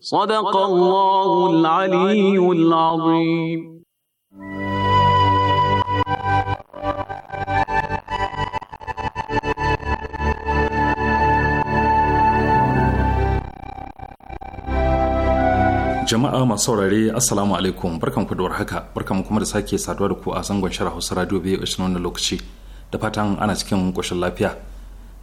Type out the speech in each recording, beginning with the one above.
صدق الله العلي العظيم jama'a masu saurare assalamu alaikum barkan ku da warhaka barkan kuma da sake saduwa da ku a zangon shara hausa radio biyu a cikin wannan lokaci da fatan ana cikin ƙoshin lafiya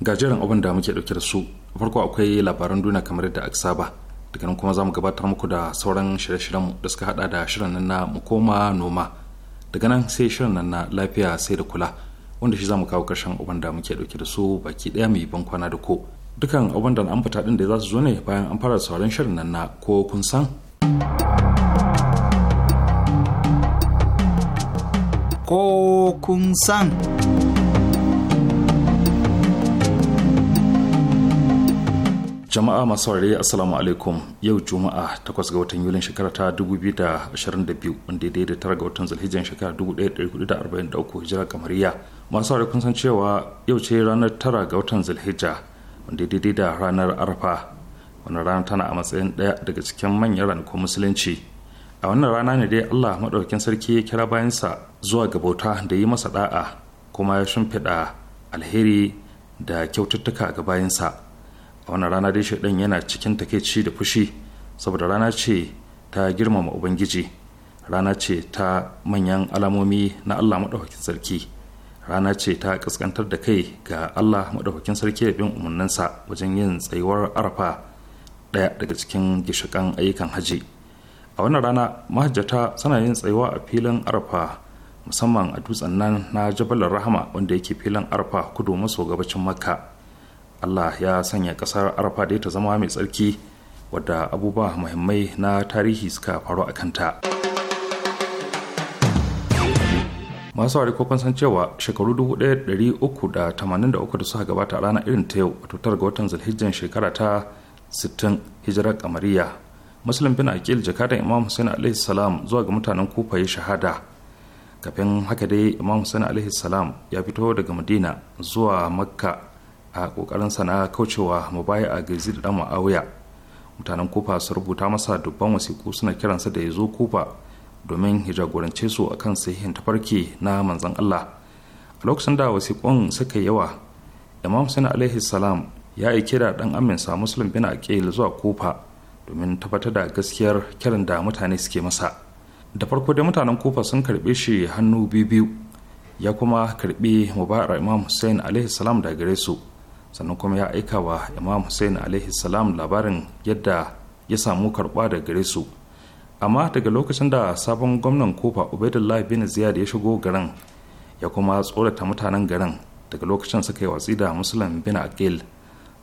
ga jerin abin da muke ɗauke da su farko akwai labaran duniya kamar yadda aka saba daga nan kuma za mu gabatar muku da sauran shirye-shiryen da suka hada da shirin nan na mu koma noma daga nan sai shirin nan na lafiya sai da kula wanda shi za mu kawo karshen abin da muke dauke da su baki daya mai ban kwana da ko dukan abin da an fita din da za su zo ne bayan an fara sauran shirin nan na ko kun san ko kun san jama'a masu saurari assalamu alaikum yau juma'a 8 ga watan yulin shekara ta 2022 wanda daidai tara ga watan zulhijjan shekara 1443 hijira kamariya masu saurari kun san cewa yau ce ranar tara ga watan zulhijja wanda daidai da ranar arfa wannan rana tana a matsayin daya daga cikin manyan ranakun musulunci a wannan rana ne dai allah maɗaukin sarki ya kira bayansa zuwa ga bauta da yi masa da'a kuma ya shimfiɗa alheri da kyaututtuka ga bayansa a wannan rana dai shaidan yana cikin takeici da fushi saboda rana ce ta girmama ubangiji rana ce ta manyan alamomi na allah maɗaukakin sarki rana ce ta kaskantar da kai ga allah maɗaukakin sarki da bin umarninsa wajen yin tsayuwar arafa ɗaya daga cikin gishikan ayyukan haji a wannan rana mahajjata suna yin tsayuwa a filin arafa musamman a dutsen nan na jabalar rahama wanda yake filin arafa kudu maso gabacin makka allah ya sanya kasar arfaɗe ta zama mai tsarki wadda abubuwa muhimmai na tarihi suka faru a kanta masu ware kun san cewa shekaru 1383 da suka gabata a ranar irin ta yau a tutar ga watan zulhijjan shekara ta 60 hijirar kamariya musulun bin akil jakadan imam hussein alaihi zuwa ga mutanen kufa ya shahada kafin haka dai imam hussein alaihi ya fito daga madina zuwa makka a kokarin sana kaucewa mubaya a da dan ma'awuya mutanen kofa su rubuta masa dubban wasiku suna kiransa da ya zo kofa domin ya jagorance su a kan sahihin tafarki na manzan Allah a lokacin da wasikun suka yawa imam Hussein alaihi salam ya aike da dan aminsa muslim bin aqil zuwa kofa domin tabbatar da gaskiyar kiran da mutane suke masa da farko dai mutanen kofa sun karbe shi hannu biyu ya kuma karbi mubarak imam hussein alaihi salam da gare su sannan kuma ya aika wa imam hussein alaihi salam labarin yadda ya samu karɓa da gare su amma daga lokacin da sabon gwamnan kofa ubaidullahi bin ziyad ya shigo garin ya kuma tsorata mutanen garin daga lokacin suka yi watsi da musulun bin akil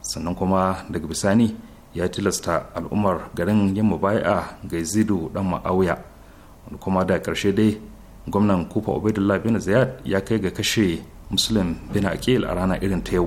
sannan kuma daga bisani ya tilasta al'ummar garin yin mubaya ga zidu dan ma'auya wani kuma da karshe dai gwamnan kufa ubaidullahi bin ziyad ya kai ga kashe muslim bin akil a rana irin ta yau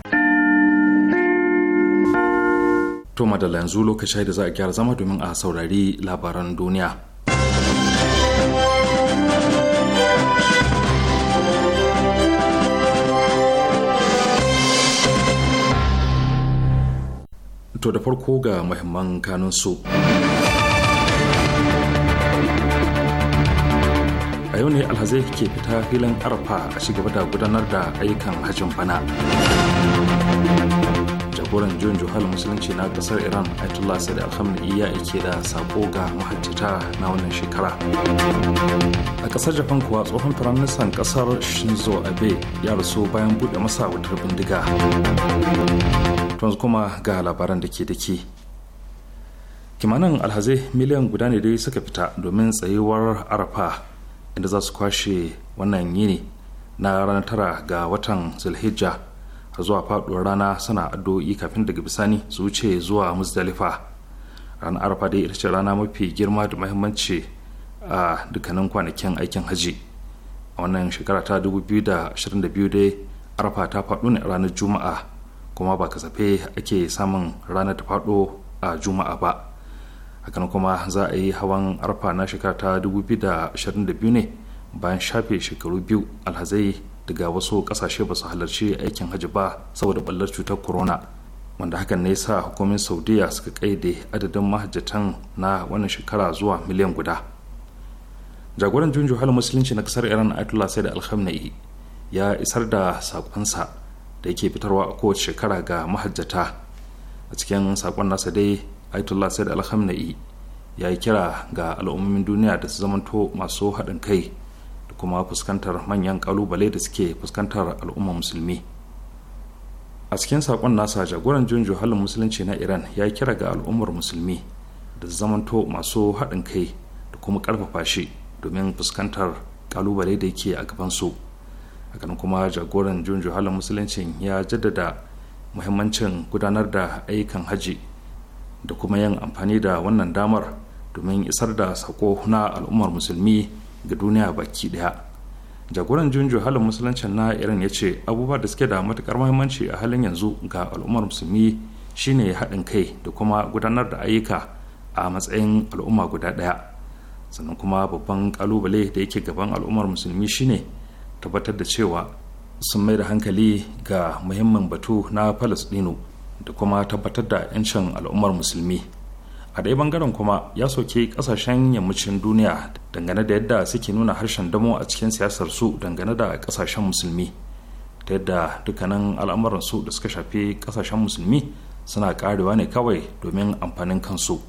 To madalla yanzu lokaci da za a gyara zama domin a saurari labaran duniya. To da farko ga muhimman kanun su. A yau ne alhazai ke fita filin arfa a shigaba da gudanar da ayyukan hajjin bana. jagoran juyin juhal musulunci na kasar iran ayatollah da alhamdi ya ike da sako ga mahajjata na wannan shekara a kasar japan kuwa tsohon firaministan kasar shinzo abe ya rasu bayan buɗe masa wutar bindiga tunzu kuma ga labaran da ke dake kimanin alhazai miliyan guda ne dai suka fita domin tsayuwar arafa inda za su kwashe wannan yini na ranar tara ga watan zulhijja har zuwa faduwar rana suna addu'o'i kafin daga bisani su wuce zuwa muzdalifa ranar arfa dai ita ce rana mafi girma da muhimmanci a dukkanin kwanakin aikin haji a wannan shekara ta 2022 dai arfa ta faɗo ne ranar juma'a kuma ba kasafe ake samun ranar ta faɗo a juma'a ba hakan kuma za a yi hawan arfa na shekara ta 2022 ne bayan shafe shekaru biyu alhazai daga wasu kasashe ba su halarci aikin hajji ba saboda ballar cutar corona wanda hakan ne sa hukumin saudiya suka kaide adadin mahajjatan na wannan shekara zuwa miliyan guda jagoran junju halin musulunci na kasar iran ayatollah sai da alhamnai ya isar da sakonsa da yake fitarwa a kowace shekara ga mahajjata a cikin sakon nasa dai ayatollah sai da alhamnai ya yi kira ga al'ummomin duniya da su zamanto masu haɗin kai da kuma fuskantar manyan kalubale da suke fuskantar al'ummar musulmi a cikin sakon nasa jagoran junjo halin musulunci na iran ya kira ga al'ummar musulmi da zamanto masu haɗin kai da kuma ƙarfafa shi domin fuskantar kalubale da yake a gabansu hakan kuma jagoran junjo halin musulunci ya jaddada muhimmancin gudanar da ayyukan haji da kuma yin amfani da wannan damar domin isar da saƙo na al'ummar musulmi ga duniya baki daya jagoran junjo halin musuluncin na iran ya ce abubuwa da suke da matukar muhimmanci a halin yanzu ga al'ummar musulmi shine haɗin kai da kuma gudanar da ayyuka a matsayin al'umma guda ɗaya sannan kuma babban kalubale da yake gaban al'ummar musulmi shine tabbatar da cewa sun mai da hankali ga muhimmin batu na palestino da kuma tabbatar da 'yancin al'ummar musulmi a ɗaya bangaren kuma ya soke ƙasashen yammacin duniya dangane da yadda suke nuna harshen damo a cikin siyasar su dangane da ƙasashen musulmi ta yadda dukkanin al'amuran su da suka shafi ƙasashen musulmi suna karewa ne kawai domin amfanin kansu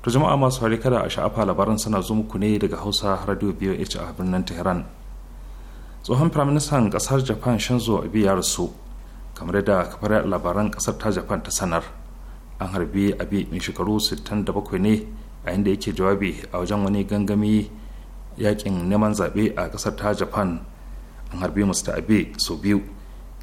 to jama'a masu hari kada a sha'afa labaran suna zo muku ne daga hausa radio voh a birnin tehran tsohon firaministan ƙasar japan shinzo abi ya rasu kamar yadda kafar labaran ƙasar ta japan ta sanar an harbi abi mai shekaru 67 ne a inda yake jawabi a wajen wani gangami yakin neman zaɓe a ƙasar ta japan an harbi mr abe sau biyu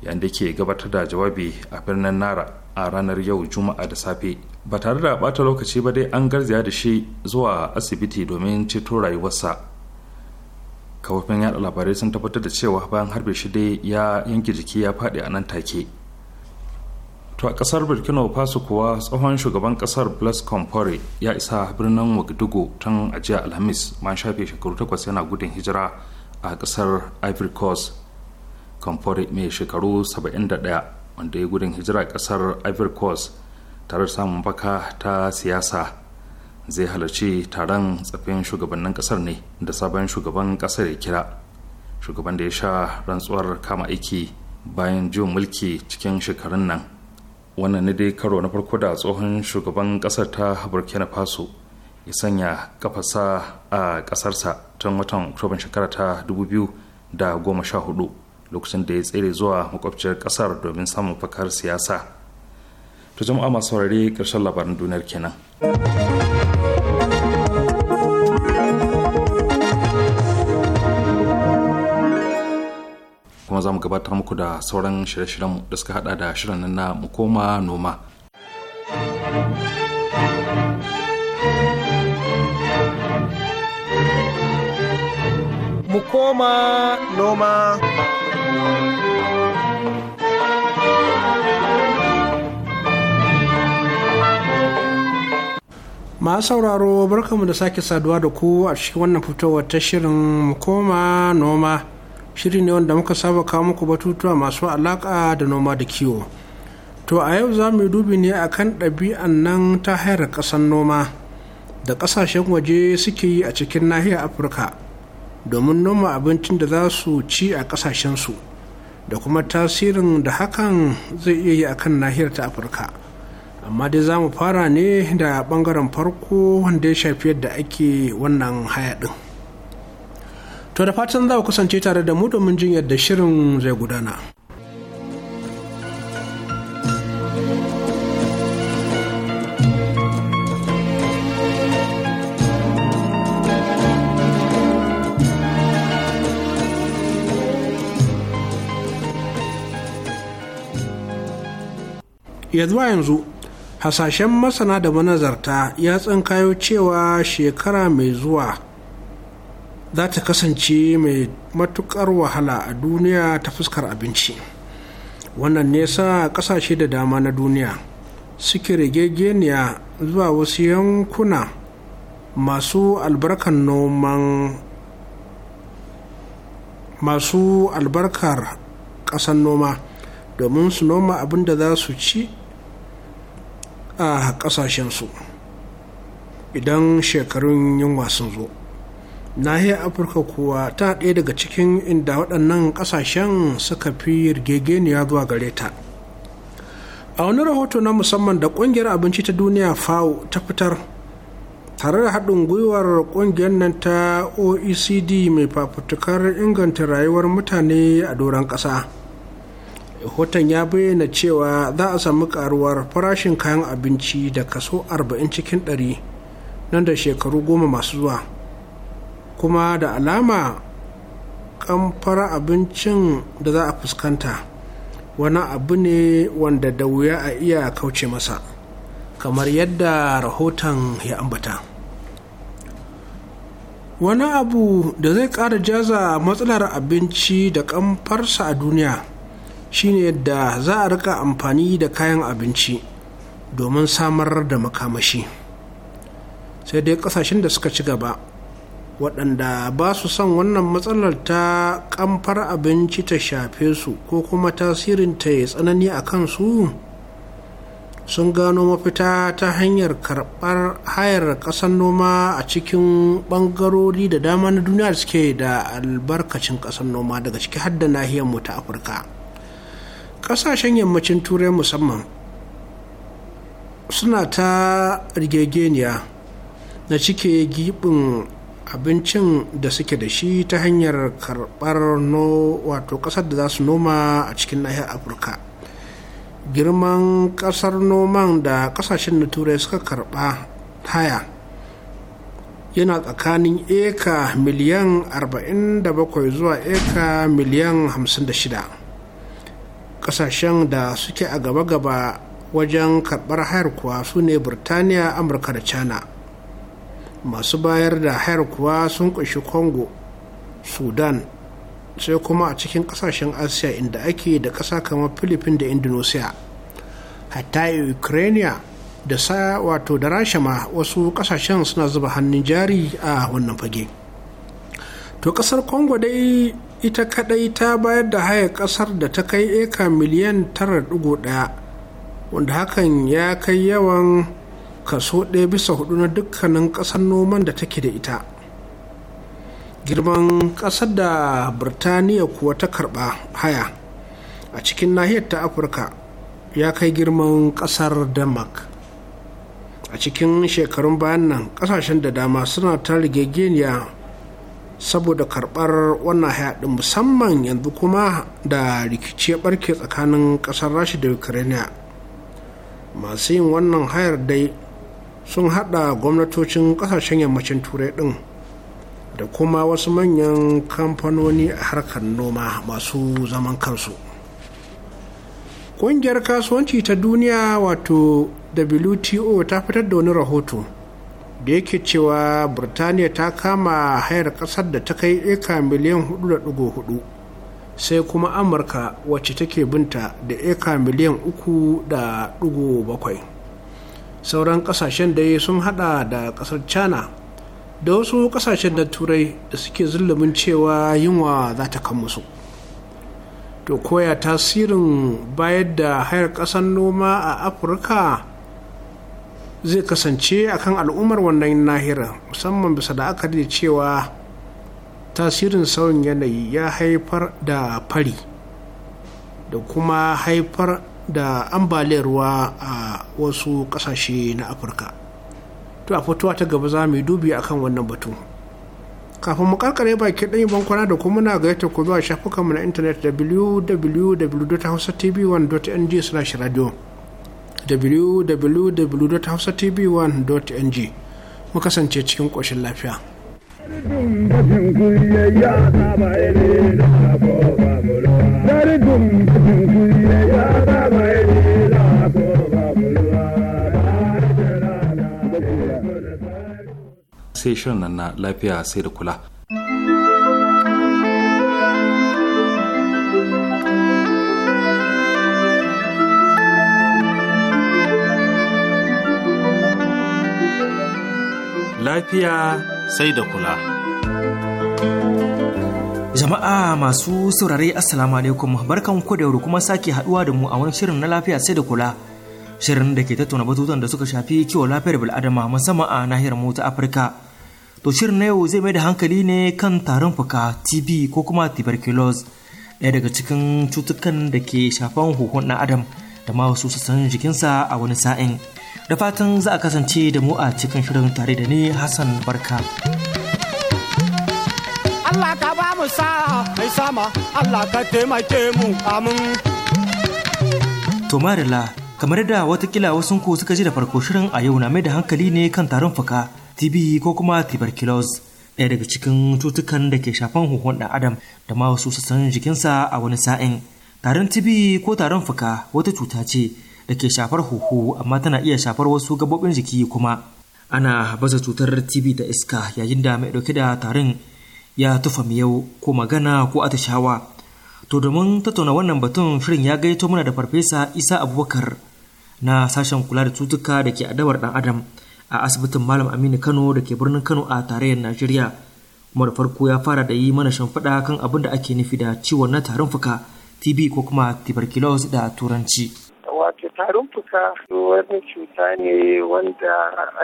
yayin da ke gabatar da jawabi a birnin nara a ranar yau juma'a da safe ba tare da bata lokaci ba dai an garzaya da shi zuwa asibiti domin ceto rayuwarsa kafofin yada labarai sun tabbatar da cewa bayan harbe shi dai ya yanke jiki ya faɗi a nan take to a kasar burkina faso kuwa tsohon shugaban kasar blaise compaore ya isa birnin wagdugo tun a jiya alhamis ma shafe shekaru takwas yana gudun hijira a kasar ivory coast compaore mai shekaru 71 wanda ya gudun hijira a kasar ivory coast tare da samun baka ta siyasa zai halarci taron tsafin shugabannin kasar ne da sabon shugaban kasar ya kira shugaban da ya sha rantsuwar kama aiki bayan juyin mulki cikin shekarun nan wannan ne dai karo na farko da tsohon shugaban kasar ta burkina faso ya sanya kafasa a kasarsa tun watan oktoban shekara ta 2014 lokacin da ya tsere zuwa makwabciyar kasar domin samun fakar siyasa to jama'a masu saurari karshen labaran duniyar kenan. kuma za mu gabatar muku da sauran shirye-shiryen da suka hada da shirin nan na mu koma noma mu noma ma sauraro barkamu da sake saduwa da ku a cikin wannan fitowar ta shirin mukoma noma shiri ne wanda muka saba kawo muku batutuwa masu alaƙa da noma da kiwo to a yau za mu dubi ne akan ɗabi'an nan ta hayar ƙasan noma da ƙasashen waje suke yi a cikin nahiyar afirka domin noma abincin da za su ci a ƙasashensu da kuma tasirin da hakan zai iya yi akan nahiyar ta afirka amma dai za mu fara ne da ɓangaren farko wanda ya shafi yadda ake wannan haya ɗin. To da fatan za ku kasance tare da mu domin jin yadda shirin zai gudana. ya zuwa yanzu hasashen masana da manazarta ya tsinkayo cewa shekara mai zuwa za ta kasance mai matuƙar wahala a duniya ta fuskar abinci wannan nesa ƙasashe da dama na duniya suke rigegeniya zuwa wasu yankuna masu albarkar noman masu albarkar ƙasan noma domin su noma abin da za su ci a su idan shekarun yunwa sun zo nahiyar afirka kuwa ta ɗaya daga cikin inda waɗannan ƙasashen suka fi rigegeniya zuwa gare ta a wani rahoto na musamman da ƙungiyar abinci ta duniya fao ta fitar tare da haɗin gwiwar ƙungiyar nan ta oecd mai fafutukar inganta rayuwar mutane a doron ƙasa rahoton ya bayyana cewa za a sami karuwar farashin kayan abinci da kaso 40 cikin 100 nan da shekaru goma masu zuwa kuma da alama kamfara abincin da za a fuskanta wani abu ne wanda da wuya a iya kauce masa kamar yadda rahoton ya ambata wani abu da zai ƙara jaza matsalar abinci da kamfarsa a duniya shine yadda za a rika amfani da kayan abinci domin samar da makamashi sai dai kasashen da suka ci gaba waɗanda ba su son wannan matsalar ta kamfar abinci ta shafe su ko kuma tasirin ta ya tsanani a kansu sun gano mafita ta hanyar karɓar hayar ƙasar noma a cikin ɓangarori da dama na duniya da suke da albarkacin ƙasar noma daga ciki har da nahiyarmu ta afirka ƙasashen yammacin turai musamman suna ta rigegeniya na cike giɓin abincin da suke da shi ta hanyar karɓar no wato ƙasar da za su noma a cikin nahiyar afirka girman ƙasar noman da ƙasashen na turai suka karɓa haya yana tsakanin eka miliyan 47 zuwa eka miliyan 56 ƙasashen da suke a gaba-gaba wajen karɓar hayar kuwa su ne burtaniya amurka da china masu bayar da hayar kuwa sun ƙunshi congo sudan sai kuma a cikin ƙasashen asiya inda ake da ƙasa kamar philippines da indonesia hatta ukraine da sa wato da rasha ma wasu ƙasashen suna zuba hannun jari a wannan fage to ƙasar congo dai ita kadai ta bayar da haya ƙasar da ta kai eka miliyan 9.1 wanda hakan ya kai yawan kaso ɗaya bisa hudu na dukkanin ƙasar noman da take da ita girman ƙasar da birtaniya kuwa ta karɓa haya a cikin nahiyar ta afirka ya kai girman ƙasar denmark a cikin shekarun bayan nan ƙasashen da dama suna ta rigegeniya saboda karɓar wannan hayaɗin musamman yanzu kuma da rikici ya ɓarke tsakanin ƙasar rashi da ukraine masu yin wannan hayar dai sun hada gwamnatocin kasashen yammacin turai din da kuma wasu manyan kamfanoni a harkar noma masu zaman kansu ƙungiyar kasuwanci ta duniya wato wto ta fitar da wani rahoto da yake cewa birtaniya ta kama hayar kasar da ta kai eka miliyan 4.4 sai kuma amurka wacce take binta da eka miliyan 3.7 sauran kasashen dai sun hada da kasar china da wasu kasashen da turai da suke zulumin cewa yunwa za ta kan musu to koya tasirin bayar da hayar kasar noma a afirka zai kasance akan al'ummar wannan nahiyar musamman bisa da aka da cewa tasirin sauyin yanayi ya haifar da fari da kuma haifar da ambaliyar ruwa a wasu kasashe na afirka to a fitowa ta gaba za mu yi dubi akan wannan batu kafin mu karkare baki ɗanyi bankwana da kuma na gaita ku zuwa shafukanmu na intanet www.hausatv1.ng slash radio www.hausatv1.ng mu kasance cikin ƙoshin lafiya. Dari dum ya sai shirin nan na lafiya sai da kula. Lafiya sai da kula. Jama'a masu saurare Assalamu alaikum barkan ku da kuma sake haduwa da mu a wani shirin na lafiya sai da kula. shirin da ke tattauna batutan da suka shafi kiwon lafiyar bil'adama musamman a nahiyar mu ta afirka to shirin na yau zai mai da hankali ne kan tarin fuka tb ko kuma tuberculosis ɗaya daga cikin cutukan da ke shafan huhun ɗan adam da ma wasu sassan jikinsa a wani sa'in da fatan za a kasance da mu a cikin shirin tare da ni hassan barka Allah ka ba mu sa mai sama Allah ka taimake mu amin to marila kamar da watakila wasu ku suka ji da farko shirin a yau na mai da hankali ne kan tarin fuka tb ko kuma tuberculosis ɗaya daga cikin cutukan da ke shafan huhun ɗan adam da ma wasu sassan jikinsa a wani sa'in tarin tb ko tarin fuka wata cuta ce da ke shafar huhu amma tana iya shafar wasu gabobin jiki kuma ana baza cutar tb da iska yayin da mai ɗauke da tarin ya tufa yau ko magana ko atishawa to domin tattauna wannan batun shirin ya gaito mana da farfesa isa abubakar na sashen kula da cutuka da ke adawar dan adam a asibitin malam aminu kano da ke birnin kano a tarayyar najeriya kuma da farko ya fara da yi mana shimfiɗa kan abin da ake nufi da ciwon na tarin fuka tb ko kuma tuberculosis da turanci wato tarin fuka wani cuta ne wanda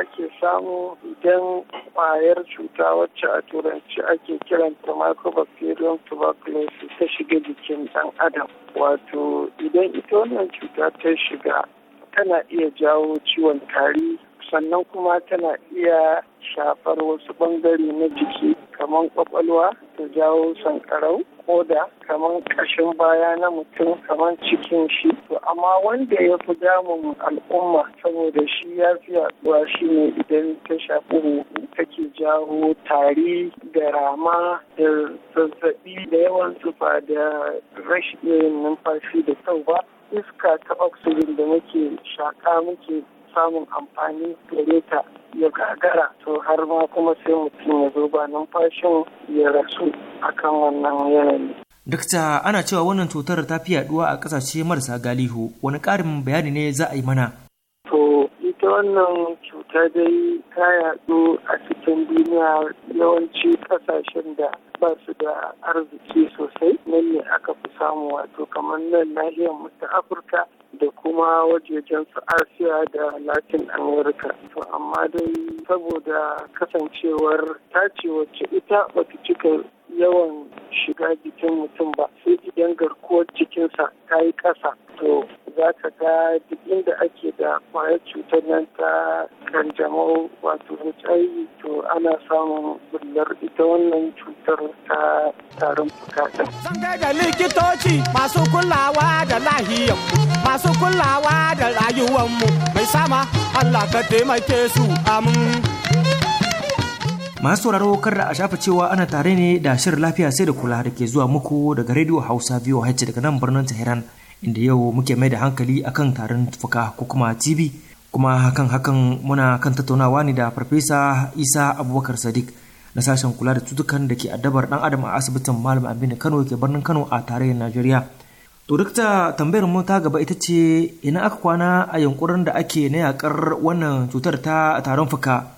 ake samu idan kwayar cuta wacce a turanci ake kiranta microbacterium tuberculosis ta shiga jikin dan adam wato idan ita wannan cuta ta shiga tana iya jawo ciwon tari sannan kuma tana iya shafar wasu bangare na jiki kamar kwakwalwa ta jawo sankarau koda kamar kashin baya na mutum kamar cikin shi to amma wanda ya fi damun al'umma saboda shi ya fi yaduwa shi ne idan ta shafi huhu take jawo tari da rama da zazzabi da yawan zufa da rashin numfashi da ba. iska ta oxygen da muke shaƙa muke samun amfani gare ta ya gagara to har ma kuma sai mutum ya zo ba numfashin ya rasu akan wannan yanayi. Dokta ana cewa wannan cutar ta fi yaduwa a ƙasashe marasa galihu wani ƙarin bayani ne za a yi mana. To ita wannan cuta dai ta yadu a cikin duniya yawanci ƙasashen da ba su da arziki sosai nan ne aka fi samu wato kamar nan nahiyar mu ta afirka da kuma wajejen su asiya da latin america to amma dai saboda kasancewar tace wacce ita bata cika yawan shiga jikin mutum ba sai idan garkuwar cikinsa ta yi ƙasa to za ka ga duk inda ake da kwayar cutar nan ta kanjamau wato HIV to ana samun bullar ita wannan cutar ta tarin fuka Zan kai da likitoci masu kulawa da lahiyar masu kulawa da rayuwarmu mai sama Allah ka taimake su amin. masu sauraro kar da a shafa cewa ana tare ne da shirin lafiya sai da kula da ke zuwa muku daga rediyo hausa biyu voh daga nan birnin tehran inda yau muke mai da hankali akan tarin fuka ko kuma TV kuma hakan hakan muna kan tattaunawa ne da Farfesa Isa Abubakar Sadiq na sashen kula da cutukan da ke addabar dan adam a asibitin Malam Aminu Kano ke birnin Kano a tarayyar Najeriya. To duk tambayar mu ta gaba ita ce ina aka kwana a yunkurin da ake na yakar wannan cutar ta tarin fuka.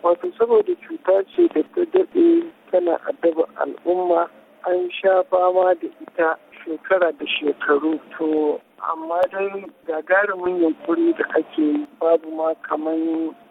Wato saboda cuta ce da ta daɗe tana addabar al'umma an sha fama da ita shekara da shekaru to amma dai gagarumin yankuri da ake babu ma kamar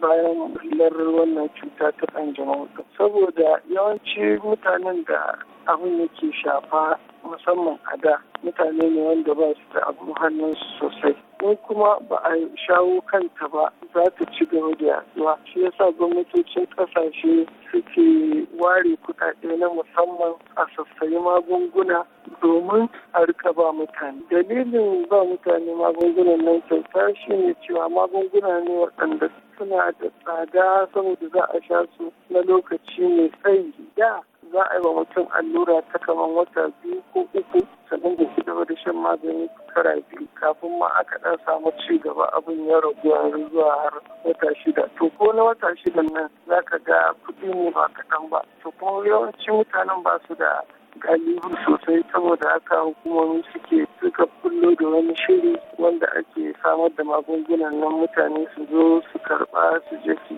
bayan hilar wannan cuta ta kanjamau saboda yawanci mutanen da abin yake shafa musamman a da mutane ne wanda ba su da abin hannunsu sosai in kuma ba a shawo kanta ba za ta ci gaba da yaduwa shi yasa gwamnatocin kasashe suke ware kuɗaɗe na musamman a sassayi magunguna domin a rika ba mutane dalilin ba mutane magungunan nan kyauta shi ne cewa magunguna ne waɗanda suna da tsada saboda za a sha su na lokaci mai tsayi da za a yi wa mutum allura ta kamar wata biyu ko uku sannan da shi gaba da shan magani kara biyu kafin ma aka dan samu ci gaba abin ya rabu yanzu zuwa har wata shida to ko na wata shida nan za ka ga kuɗi ne ba kaɗan ba to kuma yawancin mutanen ba su da galibu sosai saboda haka hukumomi suke suka kullo da wani shiri wanda ake samar da magungunan nan mutane su zo su karɓa su je su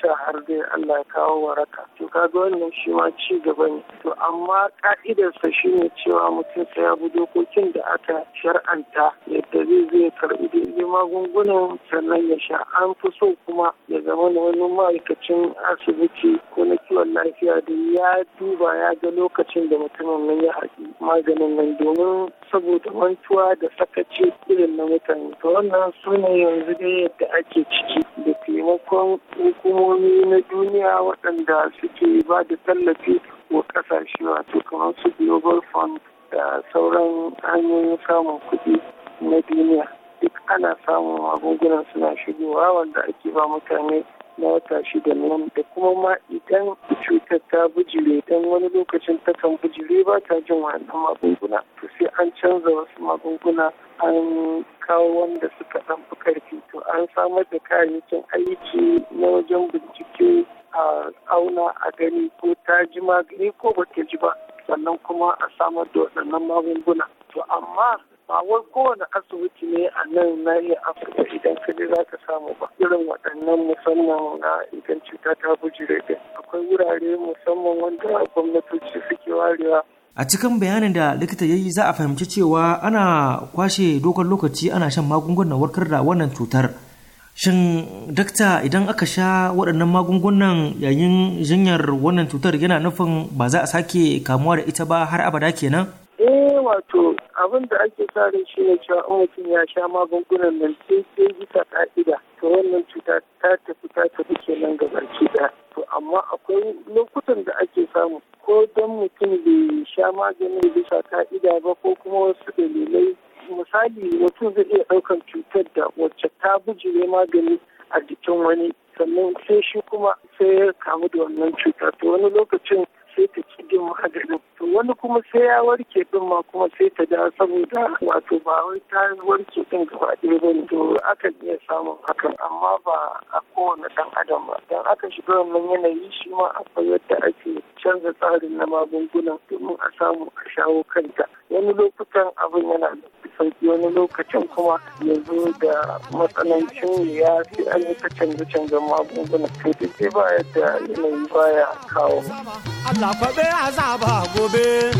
sha har dai Allah ya kawo waraka to kaga wannan shi ma ci gaba ne to amma ka'idarsa shine cewa mutum sai ya bi dokokin da aka shar'anta yadda zai zai karbi daidai magungunan sannan ya sha an fi so kuma ya zama wani ma'aikacin asibiti ko na kiwon lafiya da ya duba ya ga lokacin da mutumin nan ya haɗi maganin nan domin saboda mantuwa da sakaci irin na mutane to wannan su ne yanzu dai yadda ake ciki da taimakon hukumomi na duniya waɗanda suke ba da tallafi wa ƙasashe wato kamar su global fund da sauran hanyoyin samun kuɗi na duniya duk ana samun magungunan suna shigowa wanda ake ba mutane na wata shida nan da kuma ma idan cutar ta bijire dan wani lokacin ta kan bijire ba ta jin wannan magunguna to sai an canza wasu magunguna an kawo wanda suka dan fi karfi to an samar da kayayyakin aiki na wajen bincike a auna a gani ko ta ji magani ko ba ta ji ba sannan kuma a samar da waɗannan magunguna to amma ba wai kowane asibiti ne a nan nahiyar afirka idan ka je za ka samu ba irin waɗannan musamman na idan cuta ta bujire akwai wurare musamman wanda gwamnatoci suke warewa a cikin bayanin da likita ya yi za a fahimci cewa ana kwashe dogon lokaci ana shan magungunan warkar da wannan cutar shin dakta idan aka sha waɗannan magungunan yayin jinyar wannan cutar yana nufin ba za a sake kamuwa da ita ba har abada kenan eh wato abin da ake sa ran shi ne cewa in mutum ya sha magungunan nan sai sai bisa ka'ida ta wannan cuta ta tafi ta tafi kenan gabaki ɗaya to amma akwai lokutan da ake samu ko don mutum bai sha maganin bisa ka'ida ba ko kuma wasu dalilai misali mutum zai iya ɗaukan cutar da wacce ta bujire magani a jikin wani sannan sai shi kuma sai ya kamu da wannan cuta to wani lokacin sai ta ci din maganin to wani kuma sai ya warke din ma kuma sai ta da saboda wato ba wai ta warke din gaba ɗaya ba to akan iya samun hakan amma ba a kowane ɗan adam ba dan aka shiga wannan yanayi shi ma akwai yadda ake canza tsarin na magungunan domin a samu a shawo kanta wani lokutan abin yana da sauki wani lokacin kuma ya zo da matsanancin ya fi an yi ta canza-canza magunguna to duk ba yadda yanayi baya kawo. Allah gobe.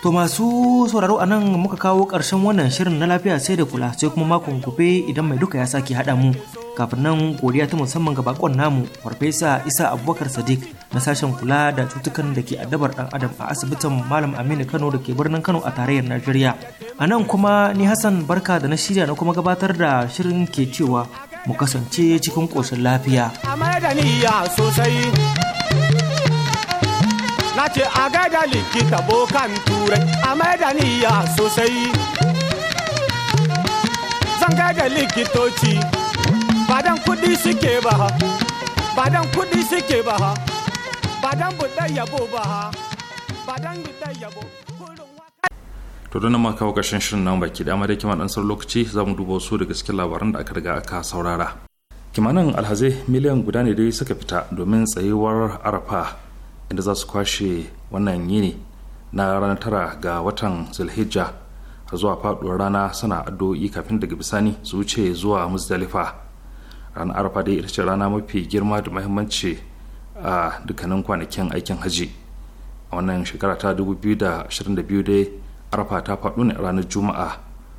To masu sauraro a nan muka kawo ƙarshen wannan shirin na lafiya sai da kula sai kuma makon gobe idan mai duka ya sake haɗa mu. Kafin nan godiya ta musamman ga bakon namu Farfesa Isa Abubakar Sadiq na sashen kula da cutukan da ke addabar dan adam a asibitin Malam Aminu Kano da ke birnin Kano a tarayyar Najeriya. A nan kuma ni Hassan Barka da na shirya na kuma gabatar da shirin ke cewa mu kasance cikin ƙoshin lafiya. sosai. na ce a gaida likita bokan turai a maida niyya sosai zan gaida likitoci badan kudi suke ba ha badan kudi suke ba ha badan buɗe yabo ba ha badan buɗe yabo to don ma kawo ƙarshen shirin nan baki dama da kima dan lokaci za mu duba su daga cikin labaran da aka riga aka saurara kimanin alhazai miliyan guda ne dai suka fita domin tsayuwar arafa inda za su kwashe wannan yini na ranar tara ga watan zulhijja a zuwa faduwar rana suna addu'o'i kafin daga bisani su wuce zuwa musdalifa ranar arfa dai ita ce rana mafi girma da muhimmanci a dukkanin kwanakin aikin haji a wannan shekara ta 2022 dai arfa ta faɗo ne ranar juma'a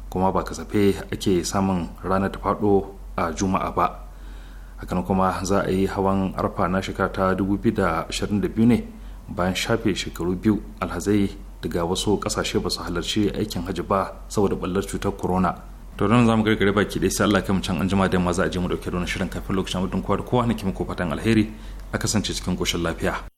kuma ba kasafe ake samun ranar ta faɗo a juma'a ba hakan kuma za a yi hawan arfa na shekara ta 2022 ne bayan shafe shekaru biyu alhazai daga wasu kasashe ba su halarci aikin hajji ba saboda ballar cutar corona to nan za mu gargare baki dai sai Allah kai mu can anjima da yamma za a je mu dauke da wani shirin kafin lokacin mutum kowa da kowa ne ke ko fatan alheri a kasance cikin koshin lafiya